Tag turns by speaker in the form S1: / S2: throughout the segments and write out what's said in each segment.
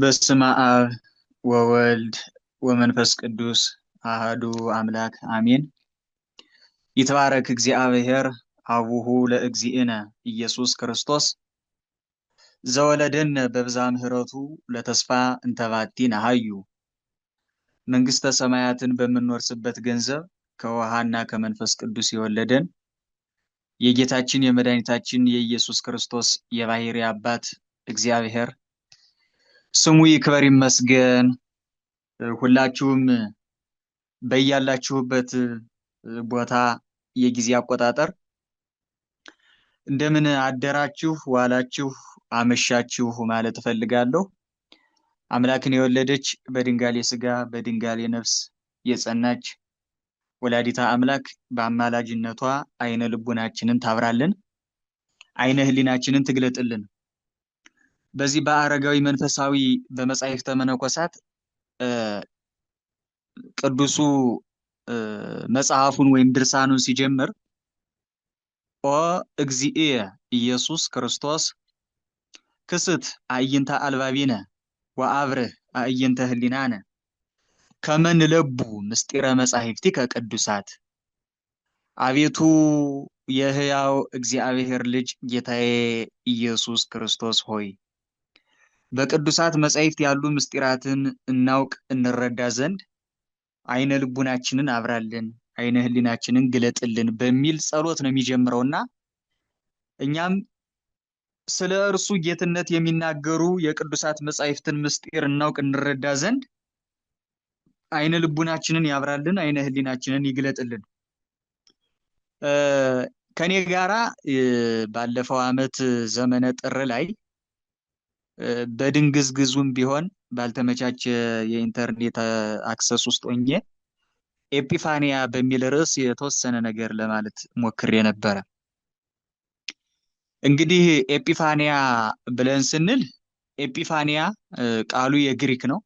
S1: በስመ አብ ወወልድ ወመንፈስ ቅዱስ አህዱ አምላክ አሜን። ይትባረክ እግዚአብሔር አቡሁ ለእግዚእነ ኢየሱስ ክርስቶስ ዘወለደነ በብዛ ምሕረቱ ለተስፋ እንተባቲ ነሃዩ መንግሥተ ሰማያትን በምንወርስበት ገንዘብ ከውሃና ከመንፈስ ቅዱስ የወለደን የጌታችን የመድኃኒታችን የኢየሱስ ክርስቶስ የባሕርይ አባት እግዚአብሔር ስሙ ይክበር ይመስገን። ሁላችሁም በያላችሁበት ቦታ የጊዜ አቆጣጠር እንደምን አደራችሁ፣ ዋላችሁ፣ አመሻችሁ ማለት እፈልጋለሁ። አምላክን የወለደች በድንጋሌ ሥጋ በድንጋሌ ነፍስ የጸናች ወላዲታ አምላክ በአማላጅነቷ አይነ ልቡናችንን ታብራልን፣ አይነ ህሊናችንን ትግለጥልን በዚህ በአረጋዊ መንፈሳዊ በመጻሕፍተ መነኮሳት ቅዱሱ መጽሐፉን ወይም ድርሳኑን ሲጀምር ኦ እግዚእየ ኢየሱስ ክርስቶስ ክስት አእይንተ አልባቢነ ወአብርህ አእይንተ ህሊናነ ከመን ለቡ ምስጢረ መጻሕፍቲ ከቅዱሳት አቤቱ የህያው እግዚአብሔር ልጅ ጌታዬ ኢየሱስ ክርስቶስ ሆይ በቅዱሳት መጻሕፍት ያሉ ምስጢራትን እናውቅ እንረዳ ዘንድ አይነ ልቡናችንን አብራልን፣ አይነ ህሊናችንን ግለጥልን በሚል ጸሎት ነው የሚጀምረውና እኛም ስለ እርሱ ጌትነት የሚናገሩ የቅዱሳት መጻሕፍትን ምስጢር እናውቅ እንረዳ ዘንድ አይነ ልቡናችንን ያብራልን፣ አይነ ህሊናችንን ይግለጥልን። ከኔ ጋራ ባለፈው ዓመት ዘመነ ጥር ላይ በድንግዝግዙም ቢሆን ባልተመቻቸ የኢንተርኔት አክሰስ ውስጥ ሆኜ ኤጲፋኒያ በሚል ርዕስ የተወሰነ ነገር ለማለት ሞክሬ ነበረ። እንግዲህ ኤፒፋኒያ ብለን ስንል ኤጲፋኒያ ቃሉ የግሪክ ነው፣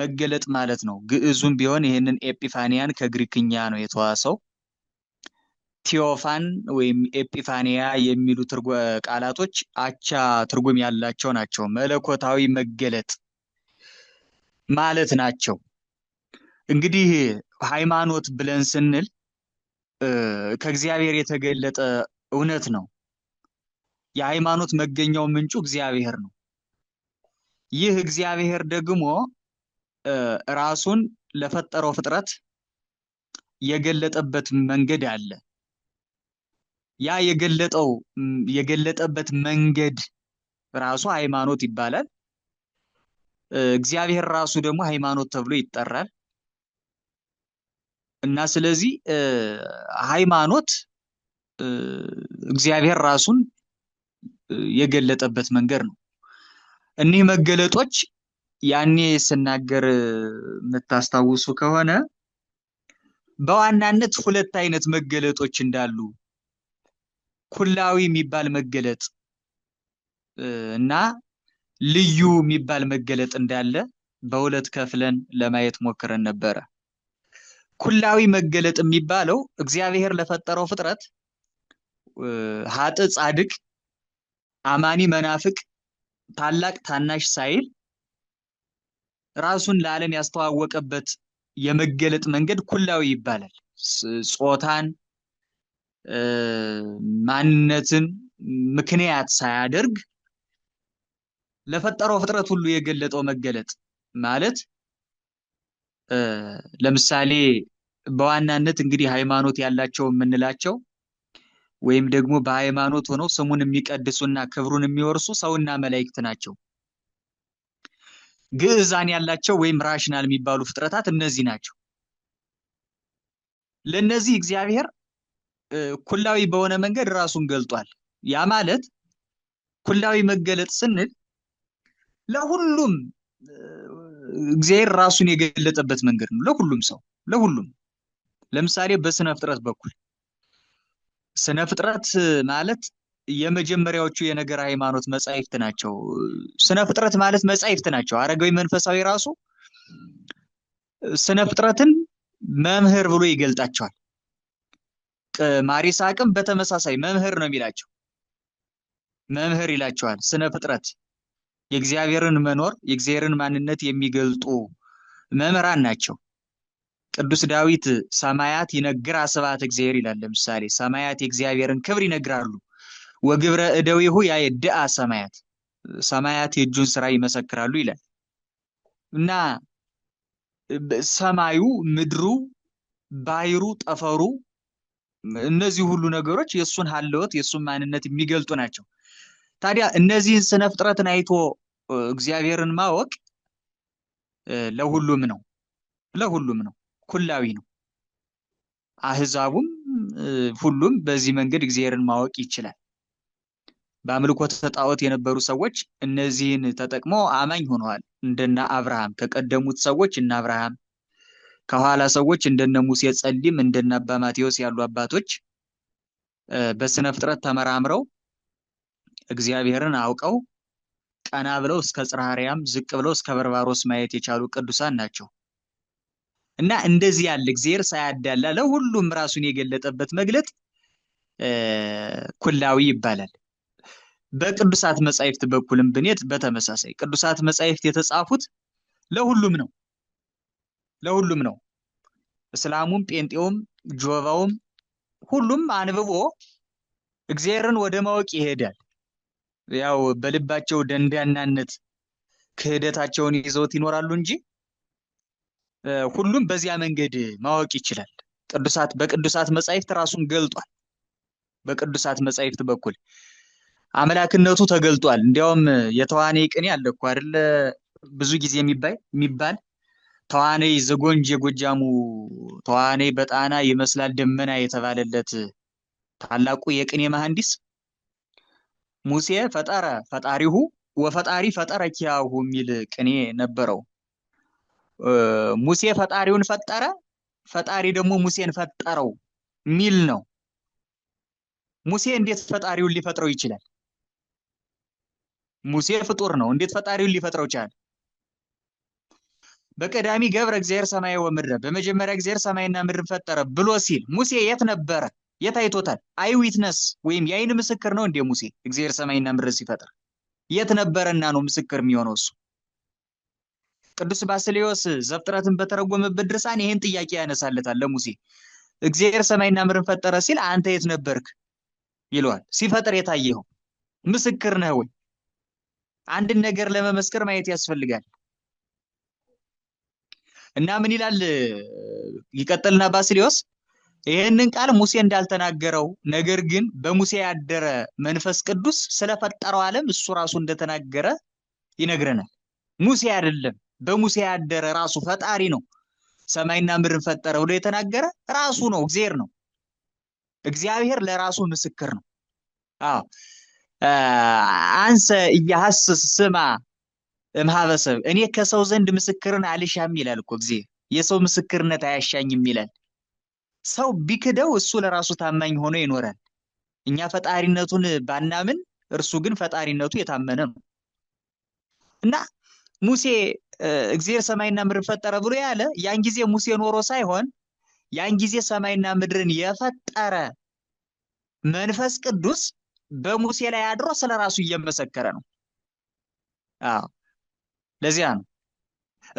S1: መገለጥ ማለት ነው። ግዕዙም ቢሆን ይህንን ኤጲፋኒያን ከግሪክኛ ነው የተዋሰው። ቲዮፋን ወይም ኤጲፋንያ የሚሉ ቃላቶች አቻ ትርጉም ያላቸው ናቸው። መለኮታዊ መገለጥ ማለት ናቸው። እንግዲህ ሃይማኖት ብለን ስንል ከእግዚአብሔር የተገለጠ እውነት ነው። የሃይማኖት መገኛው ምንጩ እግዚአብሔር ነው። ይህ እግዚአብሔር ደግሞ ራሱን ለፈጠረው ፍጥረት የገለጠበት መንገድ አለ። ያ የገለጠው የገለጠበት መንገድ ራሱ ሃይማኖት ይባላል። እግዚአብሔር ራሱ ደግሞ ሃይማኖት ተብሎ ይጠራል። እና ስለዚህ ሃይማኖት እግዚአብሔር ራሱን የገለጠበት መንገድ ነው። እኒህ መገለጦች ያኔ ስናገር የምታስታውሱ ከሆነ በዋናነት ሁለት አይነት መገለጦች እንዳሉ ኩላዊ የሚባል መገለጥ እና ልዩ የሚባል መገለጥ እንዳለ በሁለት ከፍለን ለማየት ሞክረን ነበረ። ኩላዊ መገለጥ የሚባለው እግዚአብሔር ለፈጠረው ፍጥረት ሀጥ፣ ጻድቅ፣ አማኒ፣ መናፍቅ፣ ታላቅ፣ ታናሽ ሳይል ራሱን ለዓለም ያስተዋወቀበት የመገለጥ መንገድ ኩላዊ ይባላል። ጾታን፣ ማንነትን ምክንያት ሳያደርግ ለፈጠረው ፍጥረት ሁሉ የገለጠው መገለጥ ማለት ለምሳሌ በዋናነት እንግዲህ ሃይማኖት ያላቸው የምንላቸው ወይም ደግሞ በሃይማኖት ሆነው ስሙን የሚቀድሱና ክብሩን የሚወርሱ ሰውና መላእክት ናቸው። ግዕዛን ያላቸው ወይም ራሽናል የሚባሉ ፍጥረታት እነዚህ ናቸው። ለእነዚህ እግዚአብሔር ኩላዊ በሆነ መንገድ ራሱን ገልጧል። ያ ማለት ኩላዊ መገለጥ ስንል ለሁሉም እግዚአብሔር ራሱን የገለጠበት መንገድ ነው። ለሁሉም ሰው ለሁሉም ለምሳሌ በስነ ፍጥረት በኩል ስነ ፍጥረት ማለት የመጀመሪያዎቹ የነገር ሃይማኖት መጻሕፍት ናቸው። ስነ ፍጥረት ማለት መጻሕፍት ናቸው። አረጋዊ መንፈሳዊ ራሱ ስነ ፍጥረትን መምህር ብሎ ይገልጣቸዋል። ማሪሳቅም በተመሳሳይ መምህር ነው የሚላቸው። መምህር ይላቸዋል። ስነ ፍጥረት የእግዚአብሔርን መኖር የእግዚአብሔርን ማንነት የሚገልጡ መምህራን ናቸው። ቅዱስ ዳዊት ሰማያት ይነግራ ስብሐተ እግዚአብሔር ይላል። ለምሳሌ ሰማያት የእግዚአብሔርን ክብር ይነግራሉ። ወግብረ እደዊሁ ያየድአ ሰማያት ሰማያት የእጁን ስራ ይመሰክራሉ ይላል እና ሰማዩ፣ ምድሩ፣ ባይሩ፣ ጠፈሩ እነዚህ ሁሉ ነገሮች የእሱን ሀለወት የእሱን ማንነት የሚገልጡ ናቸው። ታዲያ እነዚህን ስነ ፍጥረትን አይቶ እግዚአብሔርን ማወቅ ለሁሉም ነው ለሁሉም ነው ኩላዊ ነው። አህዛቡም ሁሉም በዚህ መንገድ እግዚአብሔርን ማወቅ ይችላል። በአምልኮተ ጣዖት የነበሩ ሰዎች እነዚህን ተጠቅመው አማኝ ሆነዋል። እንደና አብርሃም ከቀደሙት ሰዎች እነ አብርሃም ከኋላ ሰዎች እንደነ ሙሴ ጸሊም እንደነ አባ ማቴዎስ ያሉ አባቶች በስነ ፍጥረት ተመራምረው እግዚአብሔርን አውቀው ቀና ብለው እስከ ጽርሐ አርያም ዝቅ ብለው እስከ በርባሮስ ማየት የቻሉ ቅዱሳን ናቸው። እና እንደዚህ ያለ እግዚአብሔር ሳያዳላ ለሁሉም ራሱን የገለጠበት መግለጥ ኩላዊ ይባላል። በቅዱሳት መጻሕፍት በኩልም ብኔት በተመሳሳይ ቅዱሳት መጻሕፍት የተጻፉት ለሁሉም ነው። ለሁሉም ነው። እስላሙም፣ ጴንጤውም፣ ጆቫውም ሁሉም አንብቦ እግዚአብሔርን ወደ ማወቅ ይሄዳል። ያው በልባቸው ደንዳናነት ክህደታቸውን ይዘውት ይኖራሉ እንጂ ሁሉም በዚያ መንገድ ማወቅ ይችላል። ቅዱሳት በቅዱሳት መጻሕፍት ራሱን ገልጧል። በቅዱሳት መጻሕፍት በኩል አምላክነቱ ተገልጧል። እንዲያውም የተዋኔ ቅኔ አለ እኮ አይደለ? ብዙ ጊዜ የሚባል ተዋነይ ዘጎንጅ የጎጃሙ ተዋነይ በጣና ይመስላል ደመና የተባለለት ታላቁ የቅኔ መሐንዲስ ሙሴ ፈጠረ ፈጣሪሁ ወፈጣሪ ፈጠረ ኪያሁ የሚል ቅኔ ነበረው። ሙሴ ፈጣሪውን ፈጠረ፣ ፈጣሪ ደግሞ ሙሴን ፈጠረው ሚል ነው። ሙሴ እንዴት ፈጣሪውን ሊፈጥረው ይችላል? ሙሴ ፍጡር ነው። እንዴት ፈጣሪውን ሊፈጥረው ይችላል? በቀዳሚ ገብረ እግዚአብሔር ሰማይ ወምድረ በመጀመሪያ እግዚአብሔር ሰማይና ምድር ፈጠረ ብሎ ሲል ሙሴ የት ነበረ? የት አይቶታል? አይ ዊትነስ ወይም የአይን ምስክር ነው እንዴ ሙሴ እግዚአብሔር ሰማይና ምድር ሲፈጥር የት ነበረና ነው ምስክር የሚሆነው እሱ? ቅዱስ ባስሌዮስ ዘፍጥረትን በተረጎመበት ድርሳን ይህን ጥያቄ ያነሳለታል ለሙሴ እግዚአብሔር ሰማይና ምድርን ፈጠረ ሲል አንተ የት ነበርክ ይለዋል። ሲፈጥር የታየኸው ምስክር ነህ ወይ? አንድን ነገር ለመመስከር ማየት ያስፈልጋል። እና ምን ይላል ይቀጥልና ባስሊዮስ ይህንን ቃል ሙሴ እንዳልተናገረው ነገር ግን በሙሴ ያደረ መንፈስ ቅዱስ ስለፈጠረው ዓለም እሱ ራሱ እንደተናገረ ይነግረናል። ሙሴ አይደለም፣ በሙሴ ያደረ ራሱ ፈጣሪ ነው። ሰማይና ምድርን ፈጠረ ብሎ የተናገረ ራሱ ነው፣ እግዜር ነው። እግዚአብሔር ለራሱ ምስክር ነው። አዎ አንሰ እያሐስስ ስማ ማህበረሰብ እኔ ከሰው ዘንድ ምስክርን አልሻም ይላል እኮ ጊዜ የሰው ምስክርነት አያሻኝም ይላል። ሰው ቢክደው እሱ ለራሱ ታማኝ ሆኖ ይኖራል። እኛ ፈጣሪነቱን ባናምን፣ እርሱ ግን ፈጣሪነቱ የታመነ ነው እና ሙሴ እግዚአብሔር ሰማይና ምድር ፈጠረ ብሎ ያለ ያን ጊዜ ሙሴ ኖሮ ሳይሆን ያን ጊዜ ሰማይና ምድርን የፈጠረ መንፈስ ቅዱስ በሙሴ ላይ አድሮ ስለራሱ እየመሰከረ ነው። አዎ ለዚያ ነው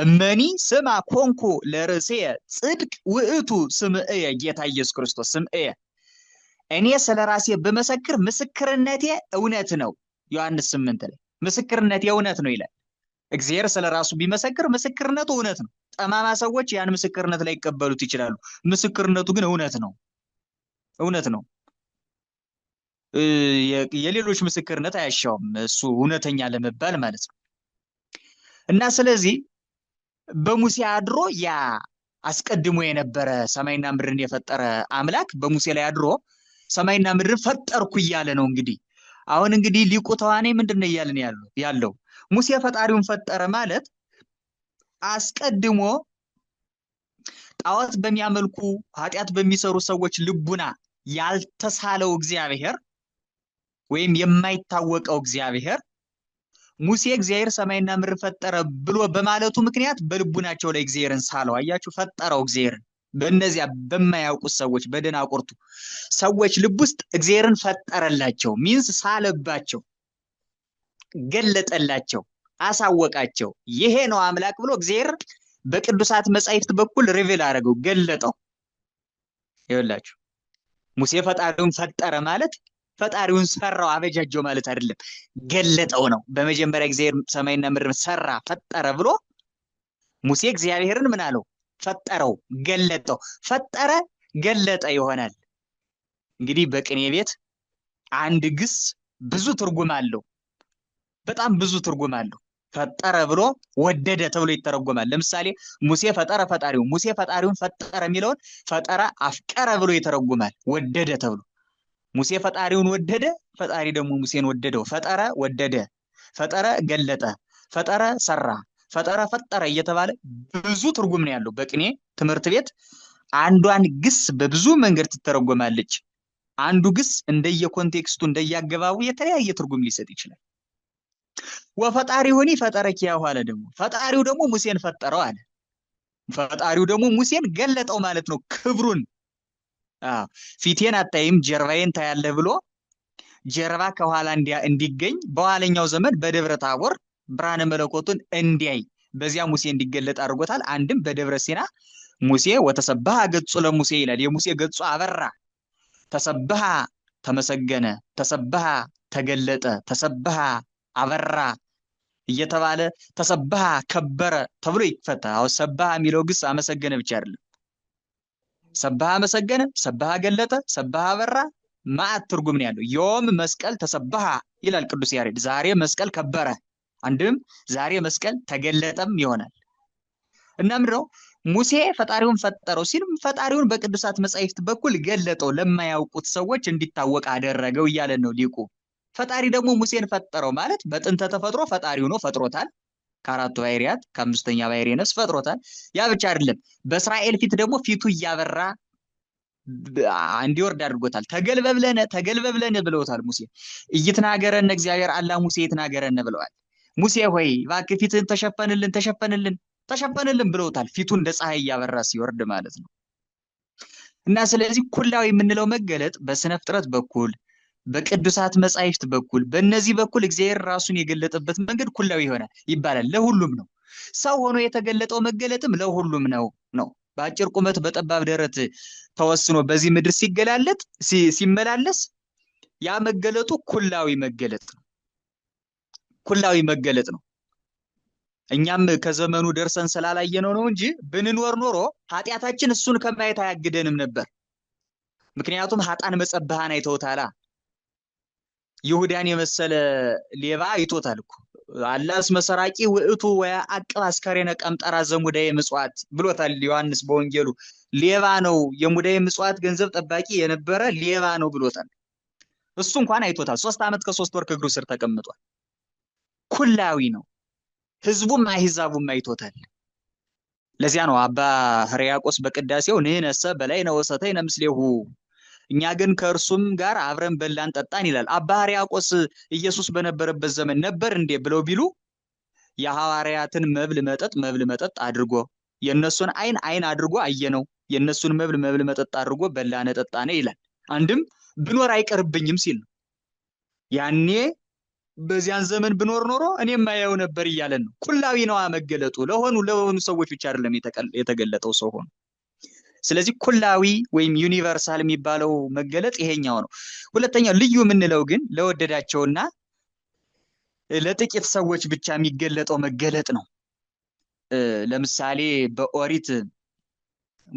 S1: እመኒ ስማ ኮንኩ ለርእስየ ጽድቅ ውእቱ ስምእየ ጌታ ኢየሱስ ክርስቶስ ስምእየ እኔ ስለ ራሴ ብመሰክር ምስክርነቴ እውነት ነው። ዮሐንስ ስምንት ላይ ምስክርነቴ እውነት ነው ይላል። እግዚአብሔር ስለ ራሱ ቢመሰክር ምስክርነቱ እውነት ነው። ጠማማ ሰዎች ያን ምስክርነት ላይ ይቀበሉት ይችላሉ። ምስክርነቱ ግን እውነት ነው፣ እውነት ነው። የሌሎች ምስክርነት አያሻውም። እሱ እውነተኛ ለመባል ማለት ነው። እና ስለዚህ በሙሴ አድሮ ያ አስቀድሞ የነበረ ሰማይና ምድርን የፈጠረ አምላክ በሙሴ ላይ አድሮ ሰማይና ምድርን ፈጠርኩ እያለ ነው። እንግዲህ አሁን እንግዲህ ሊቁ ተዋኔ ምንድን ነው እያለን ያለው? ሙሴ ፈጣሪውን ፈጠረ ማለት አስቀድሞ ጣዖት በሚያመልኩ ኃጢአት በሚሰሩ ሰዎች ልቡና ያልተሳለው እግዚአብሔር ወይም የማይታወቀው እግዚአብሔር ሙሴ እግዚአብሔር ሰማይና ምድር ፈጠረ ብሎ በማለቱ ምክንያት በልቡናቸው ላይ እግዚአብሔርን ሳለው። አያችሁ፣ ፈጠረው እግዚአብሔርን። በእነዚያ በማያውቁት ሰዎች በደናቁርቱ ሰዎች ልብ ውስጥ እግዚአብሔርን ፈጠረላቸው፣ ሚንስ ሳለባቸው፣ ገለጠላቸው፣ አሳወቃቸው። ይሄ ነው አምላክ ብሎ እግዚአብሔር በቅዱሳት መጻሕፍት በኩል ሪቪል አደረገው፣ ገለጠው። ይኸውላችሁ ሙሴ ፈጣሪውን ፈጠረ ማለት ፈጣሪውን ሰራው አበጃጀው ማለት አይደለም፣ ገለጠው ነው። በመጀመሪያ እግዚአብሔር ሰማይና ምድር ሰራ ፈጠረ ብሎ ሙሴ እግዚአብሔርን ምን አለው? ፈጠረው፣ ገለጠው። ፈጠረ፣ ገለጠ ይሆናል። እንግዲህ በቅኔ ቤት አንድ ግስ ብዙ ትርጉም አለው። በጣም ብዙ ትርጉም አለው። ፈጠረ ብሎ ወደደ ተብሎ ይተረጎማል። ለምሳሌ ሙሴ ፈጠረ ፈጣሪው ሙሴ ፈጣሪውን ፈጠረ የሚለውን ፈጠረ አፍቀረ ብሎ ይተረጉማል፣ ወደደ ተብሎ ሙሴ ፈጣሪውን ወደደ፣ ፈጣሪ ደግሞ ሙሴን ወደደው። ፈጠረ፣ ወደደ፣ ፈጠረ፣ ገለጠ፣ ፈጠረ፣ ሰራ፣ ፈጠረ፣ ፈጠረ እየተባለ ብዙ ትርጉም ነው ያለው። በቅኔ ትምህርት ቤት አንዷን ግስ በብዙ መንገድ ትተረጎማለች። አንዱ ግስ እንደየኮንቴክስቱ እንደየአገባቡ የተለያየ ትርጉም ሊሰጥ ይችላል። ወፈጣሪ ሆኒ ፈጠረ ኪያሁ አለ። ደግሞ ፈጣሪው ደግሞ ሙሴን ፈጠረው አለ። ፈጣሪው ደግሞ ሙሴን ገለጠው ማለት ነው ክብሩን ፊቴን አታይም ጀርባዬን ታያለህ ብሎ ጀርባ ከኋላ እንዲገኝ በኋለኛው ዘመን በደብረ ታቦር ብርሃነ መለኮቱን እንዲያይ በዚያ ሙሴ እንዲገለጥ አድርጎታል። አንድም በደብረ ሲና ሙሴ ወተሰባሃ ገጹ ለሙሴ ይላል። የሙሴ ገጹ አበራ። ተሰብሃ ተመሰገነ፣ ተሰባሃ ተገለጠ፣ ተሰባሃ አበራ እየተባለ ተሰባሃ ከበረ ተብሎ ይፈታ። አሁን የሚለው ግስ አመሰገነ ብቻ አይደለም። ሰበሃ መሰገነ፣ ሰበሃ ገለጠ፣ ሰበሃ በራ ማአት ትርጉም ነው ያለው። ዮም መስቀል ተሰብሃ ይላል ቅዱስ ያሬድ። ዛሬ መስቀል ከበረ፣ አንድም ዛሬ መስቀል ተገለጠም ይሆናል እና ምንድነው ሙሴ ፈጣሪውን ፈጠረው ሲልም ፈጣሪውን በቅዱሳት መጻሕፍት በኩል ገለጠው፣ ለማያውቁት ሰዎች እንዲታወቅ አደረገው እያለን ነው ሊቁ። ፈጣሪ ደግሞ ሙሴን ፈጠረው ማለት በጥንተ ተፈጥሮ ፈጣሪ ሆኖ ፈጥሮታል። ከአራቱ ባህሪያት ከአምስተኛ ባህሪ ነፍስ ፈጥሮታል። ያ ብቻ አይደለም፣ በእስራኤል ፊት ደግሞ ፊቱ እያበራ እንዲወርድ አድርጎታል። ተገልበብለነ ተገልበብለነ ብለውታል ሙሴ። እይትናገረነ እግዚአብሔር አላ ሙሴ ይትናገረነ ብለዋል። ሙሴ ሆይ እባክህ ፊትህን ተሸፈንልን፣ ተሸፈንልን፣ ተሸፈንልን ብለውታል። ፊቱ እንደ ፀሐይ እያበራ ሲወርድ ማለት ነው። እና ስለዚህ ኩላዊ የምንለው መገለጥ በስነ ፍጥረት በኩል በቅዱሳት መጻሕፍት በኩል በእነዚህ በኩል እግዚአብሔር ራሱን የገለጠበት መንገድ ኩላዊ ይሆናል ይባላል። ለሁሉም ነው። ሰው ሆኖ የተገለጠው መገለጥም ለሁሉም ነው ነው በአጭር ቁመት በጠባብ ደረት ተወስኖ በዚህ ምድር ሲገላለጥ ሲመላለስ ያ መገለጡ ኩላዊ መገለጥ ነው። ኩላዊ መገለጥ ነው። እኛም ከዘመኑ ደርሰን ስላላየነው ነው እንጂ ብንኖር ኖሮ ኃጢአታችን እሱን ከማየት አያግደንም ነበር። ምክንያቱም ሀጣን መጸብሃን አይተውታላ ይሁዳን የመሰለ ሌባ አይቶታል እኮ አላስ መሰራቂ ውእቱ ወያ አቅብ አስከሬነ ቀምጠራ ዘሙዳዬ ምጽዋት ብሎታል ዮሐንስ በወንጌሉ። ሌባ ነው የሙዳዬ ምጽዋት ገንዘብ ጠባቂ የነበረ ሌባ ነው ብሎታል። እሱ እንኳን አይቶታል። ሶስት ዓመት ከሶስት ወር ከእግሩ ስር ተቀምጧል። ኩላዊ ነው። ህዝቡም አህዛቡም አይቶታል። ለዚያ ነው አባ ሕርያቆስ በቅዳሴው ንህነሰ በላይ ነው ወሰተይ ነምስሌሁ እኛ ግን ከእርሱም ጋር አብረን በላን ጠጣን ይላል። አባ ሕርያቆስ ኢየሱስ በነበረበት ዘመን ነበር እንዴ ብለው ቢሉ የሐዋርያትን መብል መጠጥ መብል መጠጥ አድርጎ የእነሱን አይን አይን አድርጎ አየነው፣ የእነሱን መብል መብል መጠጥ አድርጎ በላነ ጠጣነ ይላል። አንድም ብኖር አይቀርብኝም ሲል ነው። ያኔ በዚያን ዘመን ብኖር ኖሮ እኔ የማየው ነበር እያለን ነው። ኩላዊ ነዋ መገለጡ ለሆኑ ለሆኑ ሰዎች ብቻ አይደለም የተገለጠው ሰው ሆኑ ስለዚህ ኩላዊ ወይም ዩኒቨርሳል የሚባለው መገለጥ ይሄኛው ነው። ሁለተኛው ልዩ የምንለው ግን ለወደዳቸውና ለጥቂት ሰዎች ብቻ የሚገለጠው መገለጥ ነው። ለምሳሌ በኦሪት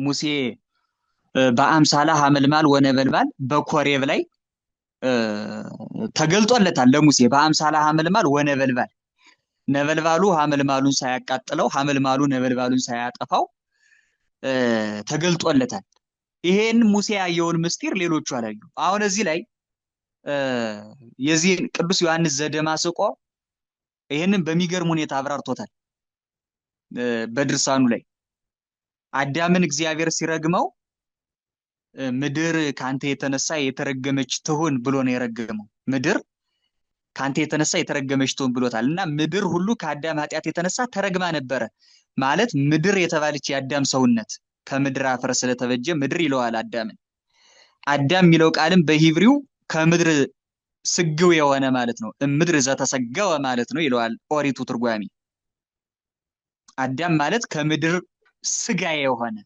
S1: ሙሴ በአምሳላ ሀመልማል ወነበልባል በኮሬብ ላይ ተገልጦለታል። ለሙሴ በአምሳላ ሀመልማል ወነበልባል ነበልባሉ ሀመልማሉን ሳያቃጥለው ሀመልማሉ ነበልባሉን ሳያጠፋው ተገልጦለታል። ይሄን ሙሴ ያየውን ምስጢር ሌሎቹ አላዩ። አሁን እዚህ ላይ የዚህን ቅዱስ ዮሐንስ ዘደማስቆ ይህንን በሚገርም ሁኔታ አብራርቶታል። በድርሳኑ ላይ አዳምን እግዚአብሔር ሲረግመው ምድር ከአንተ የተነሳ የተረገመች ትሁን ብሎ ነው የረገመው። ምድር ከአንተ የተነሳ የተረገመች ትሆን ብሎታል እና ምድር ሁሉ ከአዳም ኃጢአት የተነሳ ተረግማ ነበረ ማለት ምድር የተባለች የአዳም ሰውነት ከምድር አፈር ስለተበጀ ምድር ይለዋል አዳምን። አዳም የሚለው ቃልም በሂብሪው ከምድር ስግው የሆነ ማለት ነው። ምድር ዘተሰገወ ማለት ነው ይለዋል ኦሪቱ ትርጓሚ። አዳም ማለት ከምድር ስጋ የሆነ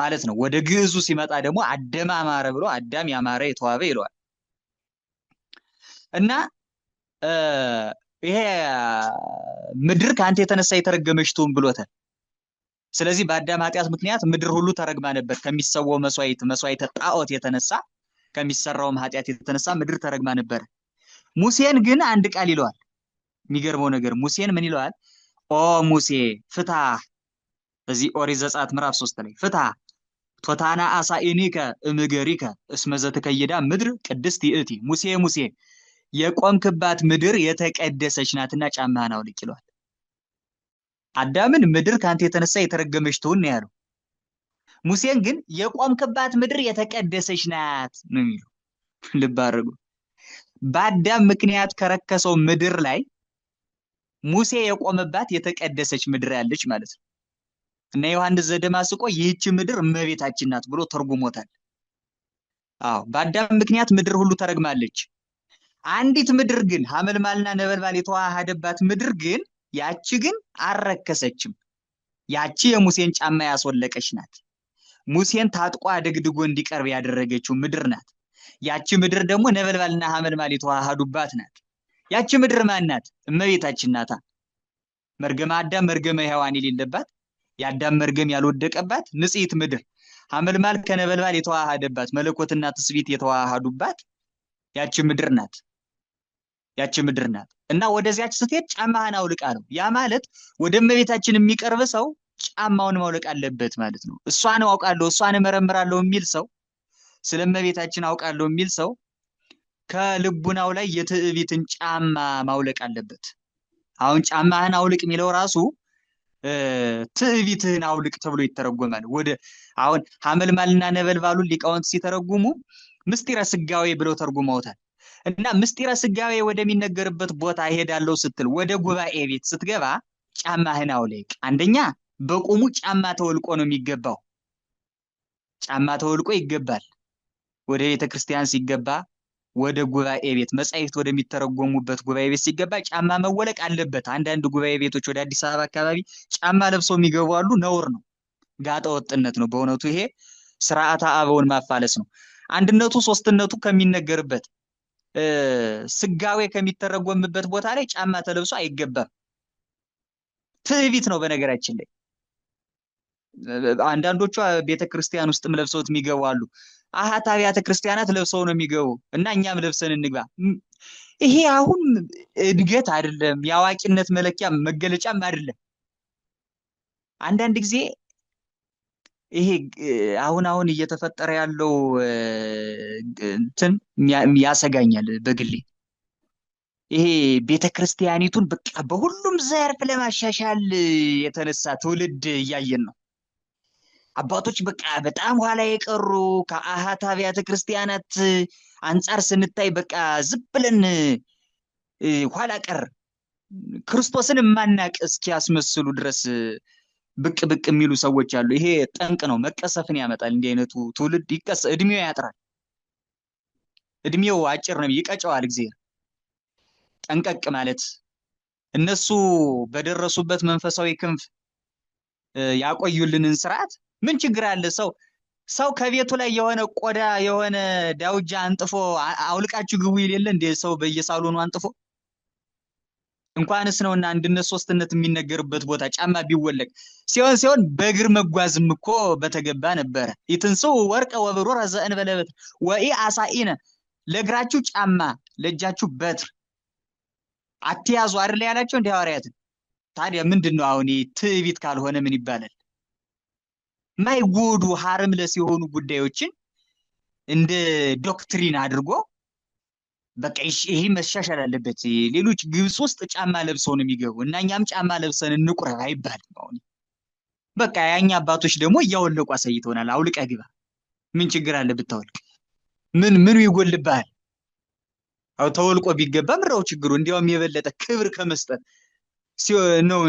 S1: ማለት ነው። ወደ ግዕዙ ሲመጣ ደግሞ አደም አማረ ብሎ አዳም ያማረ የተዋበ ይለዋል። እና ይሄ ምድር ከአንተ የተነሳ የተረገመች ትሁን ብሎታል። ስለዚህ በአዳም ኃጢአት ምክንያት ምድር ሁሉ ተረግማ ነበር። ከሚሰዋው መስዋዕት መስዋዕተ ጣዖት የተነሳ ከሚሰራውም ኃጢአት የተነሳ ምድር ተረግማ ነበር። ሙሴን ግን አንድ ቃል ይለዋል። የሚገርመው ነገር ሙሴን ምን ይለዋል? ኦ ሙሴ ፍታ። በዚህ ኦሪት ዘጸአት ምዕራፍ ሶስት ላይ ፍታ ቶታና አሳኢኒከ እምገሪከ እስመ ምድር ቅድስት ይእቲ ሙሴ ሙሴ የቆምክባት ምድር የተቀደሰች ናትና ጫማህን አውልቅ ይሏል። አዳምን ምድር ከአንተ የተነሳ የተረገመች ትሁን ነው ያለው። ሙሴን ግን የቆምክባት ምድር የተቀደሰች ናት ነው የሚለው። ልብ አድርጉ። በአዳም ምክንያት ከረከሰው ምድር ላይ ሙሴ የቆመባት የተቀደሰች ምድር ያለች ማለት ነው እና ዮሐንስ ዘደማስቆ ይህች ምድር እመቤታችን ናት ብሎ ተርጉሞታል። አዎ በአዳም ምክንያት ምድር ሁሉ ተረግማለች። አንዲት ምድር ግን ሐመልማልና ነበልባል የተዋሃደባት ምድር ግን ያቺ ግን አረከሰችም ያቺ የሙሴን ጫማ ያስወለቀች ናት። ሙሴን ታጥቆ አደግድጎ እንዲቀርብ ያደረገችው ምድር ናት። ያቺ ምድር ደግሞ ነበልባልና ሐመልማል የተዋሃዱባት ናት። ያቺ ምድር ማን ናት? እመቤታችን ናታ። መርገመ አዳም መርገመ ሔዋን የሌለባት የአዳም መርገም ያልወደቀባት ንጽሕት ምድር ሐመልማል ከነበልባል የተዋሃደባት መለኮትና ትስቢት የተዋሃዱባት ያቺ ምድር ናት። ያቺ ምድር ናት እና ወደዚያች ስትሄድ ጫማህን አውልቃ ነው። ያ ማለት ወደ እመቤታችን የሚቀርብ ሰው ጫማውን ማውለቅ አለበት ማለት ነው። እሷን አውቃለሁ፣ እሷን እመረምራለሁ የሚል ሰው ስለ እመቤታችን አውቃለሁ የሚል ሰው ከልቡናው ላይ የትዕቢትን ጫማ ማውለቅ አለበት። አሁን ጫማህን አውልቅ የሚለው ራሱ ትዕቢትህን አውልቅ ተብሎ ይተረጎማል። ወደ አሁን ሐመልማልና ነበልባሉን ሊቃውንት ሲተረጉሙ ምስጢረ ስጋዌ ብለው ተርጉመውታል። እና ምስጢረ ስጋዌ ወደሚነገርበት ቦታ እሄዳለሁ ስትል ወደ ጉባኤ ቤት ስትገባ ጫማህን አውልቅ። አንደኛ በቁሙ ጫማ ተወልቆ ነው የሚገባው። ጫማ ተወልቆ ይገባል። ወደ ቤተ ክርስቲያን ሲገባ፣ ወደ ጉባኤ ቤት መጻሕፍት ወደሚተረጎሙበት ጉባኤ ቤት ሲገባ ጫማ መወለቅ አለበት። አንዳንድ ጉባኤ ቤቶች ወደ አዲስ አበባ አካባቢ ጫማ ለብሰው የሚገቡ አሉ። ነውር ነው፣ ጋጠ ወጥነት ነው። በእውነቱ ይሄ ስርዓተ አበውን ማፋለስ ነው። አንድነቱ ሶስትነቱ ከሚነገርበት ስጋዌ ከሚተረጎምበት ቦታ ላይ ጫማ ተለብሶ አይገባም። ትዕቢት ነው። በነገራችን ላይ አንዳንዶቿ ቤተክርስቲያን ውስጥም ለብሰውት የሚገቡ አሉ። አሃት አብያተ ክርስቲያናት ለብሰው ነው የሚገቡ እና እኛም ለብሰን እንግባ። ይሄ አሁን እድገት አይደለም፣ የአዋቂነት መለኪያ መገለጫም አይደለም። አንዳንድ ጊዜ ይሄ አሁን አሁን እየተፈጠረ ያለው እንትን ያሰጋኛል በግሌ። ይሄ ቤተ ክርስቲያኒቱን በቃ በሁሉም ዘርፍ ለማሻሻል የተነሳ ትውልድ እያየን ነው። አባቶች በቃ በጣም ኋላ የቀሩ ከአሃት አብያተ ክርስቲያናት አንጻር ስንታይ በቃ ዝብለን ብለን ኋላ ቀር ክርስቶስን የማናቅ እስኪያስመስሉ ድረስ ብቅ ብቅ የሚሉ ሰዎች አሉ። ይሄ ጠንቅ ነው፣ መቀሰፍን ያመጣል። እንዲህ አይነቱ ትውልድ ይቀሰ እድሜው ያጥራል። እድሜው አጭር ነው፣ ይቀጨዋል እግዚአብሔር። ጠንቀቅ ማለት እነሱ በደረሱበት መንፈሳዊ ክንፍ ያቆዩልንን ስርዓት ምን ችግር አለ? ሰው ሰው ከቤቱ ላይ የሆነ ቆዳ የሆነ ዳውጃ አንጥፎ አውልቃችሁ ግቡ ይል እንደ ሰው በየሳሎኑ አንጥፎ እንኳንስ ነውና አንድነት ሶስትነት የሚነገርበት ቦታ ጫማ ቢወለቅ ሲሆን ሲሆን በእግር መጓዝም እኮ በተገባ ነበረ። ይትንስው ወርቀ ወብሩረ ዘእንበለ በለበት ወኢ አሳኢነ ለእግራችሁ ጫማ ለእጃችሁ በትር አትያዙ አይደለ ያላቸው እንደ ሐዋርያትን። ታዲያ ምንድን ነው አሁን ትዕቢት ካልሆነ ምን ይባላል? ማይጎዱ ሀርምለስ የሆኑ ጉዳዮችን እንደ ዶክትሪን አድርጎ በቃ ይሄ መሻሻል አለበት። ሌሎች ግብፅ ውስጥ ጫማ ለብሰው ነው የሚገቡ እና እኛም ጫማ ለብሰን እንቁረብ አይባልም። አሁን በቃ ያኛ አባቶች ደግሞ እያወለቁ አሳይተውናል። አውልቀ ግባ፣ ምን ችግር አለ ብታወልቅ? ምን ምኑ ይጎልብሃል? አው ተወልቆ ቢገባ ምራው ችግሩ እንዲያውም የበለጠ ክብር ከመስጠት ነው።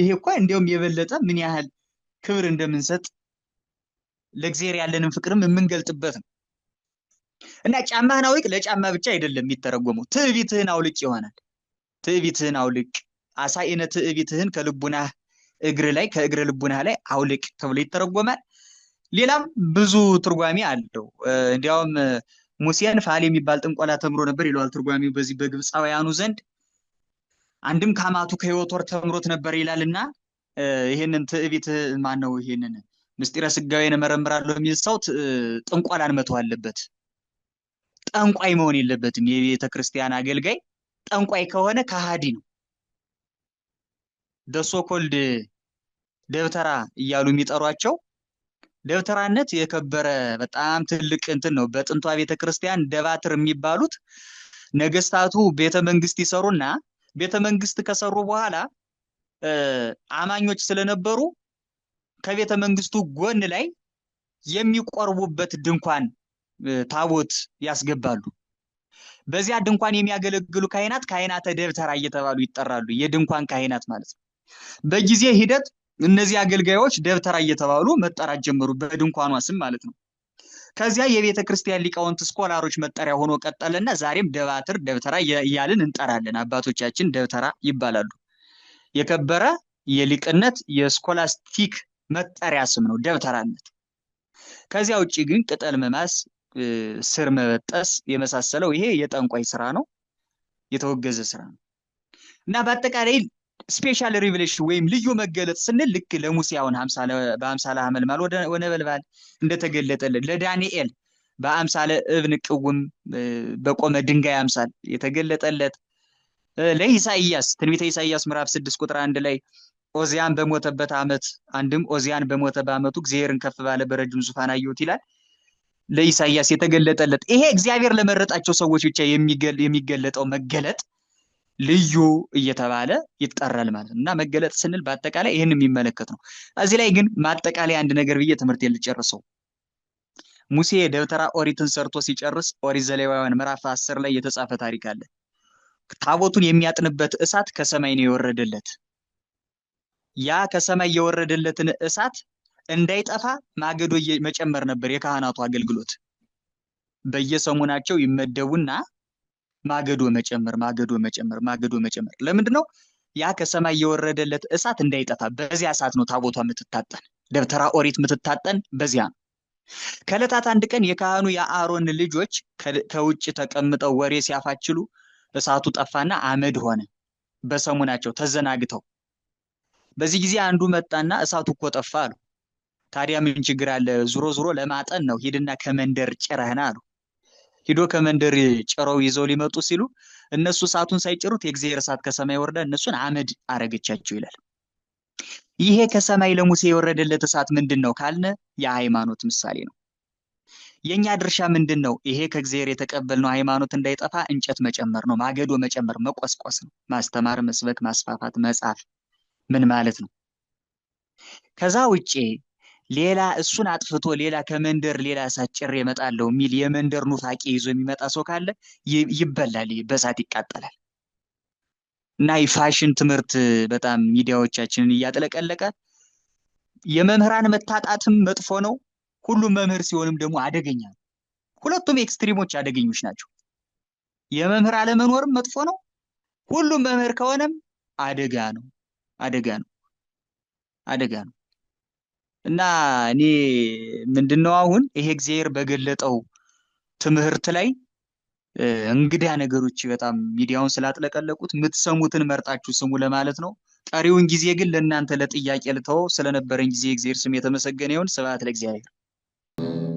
S1: ይሄ እኮ እንዲያውም የበለጠ ምን ያህል ክብር እንደምንሰጥ ለእግዚአብሔር ያለንን ፍቅርም የምንገልጥበት ነው። እና ጫማህን አውልቅ ለጫማ ብቻ አይደለም የሚተረጎመው፣ ትዕቢትህን አውልቅ ይሆናል። ትዕቢትህን አውልቅ፣ አሳይነ ትዕቢትህን ከልቡናህ እግር ላይ ከእግር ልቡናህ ላይ አውልቅ ተብሎ ይተረጎማል። ሌላም ብዙ ትርጓሜ አለው። እንዲያውም ሙሴን ፋል የሚባል ጥንቆላ ተምሮ ነበር ይለዋል ትርጓሜው በዚህ በግብፃውያኑ ዘንድ። አንድም ከአማቱ ወር ተምሮት ነበር ይላልና ይህንን ትዕቢት ማነው ይህንን ምስጢረ ስጋዊ እመረምራለሁ የሚል ሰው ጥንቆላን መተው አለበት። ጠንቋይ መሆን የለበትም። የቤተ ክርስቲያን አገልጋይ ጠንቋይ ከሆነ ከሃዲ ነው። ደሶኮልድ ደብተራ እያሉ የሚጠሯቸው ደብተራነት የከበረ በጣም ትልቅ እንትን ነው። በጥንቷ ቤተ ክርስቲያን ደባትር የሚባሉት ነገስታቱ ቤተ መንግስት ይሰሩና ቤተ መንግስት ከሰሩ በኋላ አማኞች ስለነበሩ ከቤተ መንግስቱ ጎን ላይ የሚቆርቡበት ድንኳን ታቦት ያስገባሉ። በዚያ ድንኳን የሚያገለግሉ ካህናት ካህናተ ደብተራ እየተባሉ ይጠራሉ። የድንኳን ካህናት ማለት ነው። በጊዜ ሂደት እነዚህ አገልጋዮች ደብተራ እየተባሉ መጠራት ጀመሩ፣ በድንኳኗ ስም ማለት ነው። ከዚያ የቤተ ክርስቲያን ሊቃውንት ስኮላሮች መጠሪያ ሆኖ ቀጠለና ዛሬም ደባትር ደብተራ እያልን እንጠራለን። አባቶቻችን ደብተራ ይባላሉ። የከበረ የሊቅነት የስኮላስቲክ መጠሪያ ስም ነው ደብተራነት። ከዚያ ውጭ ግን ቅጠል መማስ፣ ስር መበጠስ የመሳሰለው ይሄ የጠንቋይ ስራ ነው፣ የተወገዘ ስራ ነው እና በአጠቃላይ ስፔሻል ሪቨሌሽን ወይም ልዩ መገለጥ ስንል ልክ ለሙሴ አሁን በአምሳለ ሐመልማል ወነበልባል እንደተገለጠልን ለዳንኤል በአምሳለ እብን ቅውም በቆመ ድንጋይ አምሳል የተገለጠለት ለኢሳይያስ ትንቢተ ኢሳይያስ ምዕራፍ ስድስት ቁጥር አንድ ላይ ኦዚያን በሞተበት ዓመት አንድም ኦዚያን በሞተ በዓመቱ እግዚአብሔርን ከፍ ባለ በረጅም ዙፋን አየሁት ይላል። ለኢሳያስ የተገለጠለት ይሄ እግዚአብሔር ለመረጣቸው ሰዎች ብቻ የሚገለጠው መገለጥ ልዩ እየተባለ ይጠራል ማለት ነው። እና መገለጥ ስንል በአጠቃላይ ይህን የሚመለከት ነው። እዚህ ላይ ግን ማጠቃላይ አንድ ነገር ብዬ ትምህርት የልጨርሰው ሙሴ ደብተራ ኦሪትን ሰርቶ ሲጨርስ ኦሪት ዘሌዋውያን ምዕራፍ አስር ላይ የተጻፈ ታሪክ አለ። ታቦቱን የሚያጥንበት እሳት ከሰማይ ነው የወረደለት። ያ ከሰማይ የወረደለትን እሳት እንዳይጠፋ ማገዶ መጨመር ነበር የካህናቱ አገልግሎት። በየሰሙናቸው ይመደቡና ማገዶ መጨመር ማገዶ መጨመር ማገዶ መጨመር። ለምንድን ነው? ያ ከሰማይ የወረደለት እሳት እንዳይጠፋ። በዚያ እሳት ነው ታቦቷ የምትታጠን፣ ደብተራ ኦሪት የምትታጠን በዚያ ነው። ከእለታት አንድ ቀን የካህኑ የአሮን ልጆች ከውጭ ተቀምጠው ወሬ ሲያፋችሉ እሳቱ ጠፋና አመድ ሆነ። በሰሙናቸው ተዘናግተው በዚህ ጊዜ አንዱ መጣና እሳቱ እኮ ጠፋ አሉ። ታዲያ ምን ችግር አለ? ዙሮ ዙሮ ለማጠን ነው። ሂድና ከመንደር ጭረህና አሉ። ሂዶ ከመንደር ጭረው ይዘው ሊመጡ ሲሉ እነሱ እሳቱን ሳይጭሩት የእግዚአብሔር እሳት ከሰማይ ወርዳ እነሱን አመድ አረገቻቸው ይላል። ይሄ ከሰማይ ለሙሴ የወረደለት እሳት ምንድን ነው ካልነ የሃይማኖት ምሳሌ ነው። የእኛ ድርሻ ምንድን ነው? ይሄ ከእግዚአብሔር የተቀበልነው ሃይማኖት እንዳይጠፋ እንጨት መጨመር ነው፣ ማገዶ መጨመር፣ መቆስቆስ ነው። ማስተማር፣ መስበክ፣ ማስፋፋት፣ መጻፍ ምን ማለት ነው? ከዛ ውጭ ሌላ እሱን አጥፍቶ ሌላ ከመንደር ሌላ እሳት ጭሬ የሚል የመንደር ኑፋቄ ይዞ የሚመጣ ሰው ካለ ይበላል፣ በእሳት ይቃጠላል። እና የፋሽን ትምህርት በጣም ሚዲያዎቻችንን እያጥለቀለቀ የመምህራን መታጣትም መጥፎ ነው። ሁሉም መምህር ሲሆንም ደግሞ አደገኛ ነው። ሁለቱም ኤክስትሪሞች አደገኞች ናቸው። የመምህር አለመኖርም መጥፎ ነው። ሁሉም መምህር ከሆነም አደጋ ነው። አደጋ ነው። አደጋ ነው። እና እኔ ምንድነው አሁን ይሄ እግዚአብሔር በገለጠው ትምህርት ላይ እንግዳ ነገሮች በጣም ሚዲያውን ስላጥለቀለቁት የምትሰሙትን መርጣችሁ ስሙ ለማለት ነው። ቀሪውን ጊዜ ግን ለእናንተ ለጥያቄ ልተው። ስለነበረኝ ጊዜ እግዚአብሔር ስም የተመሰገነ ይሁን። ስብሐት ለእግዚአብሔር።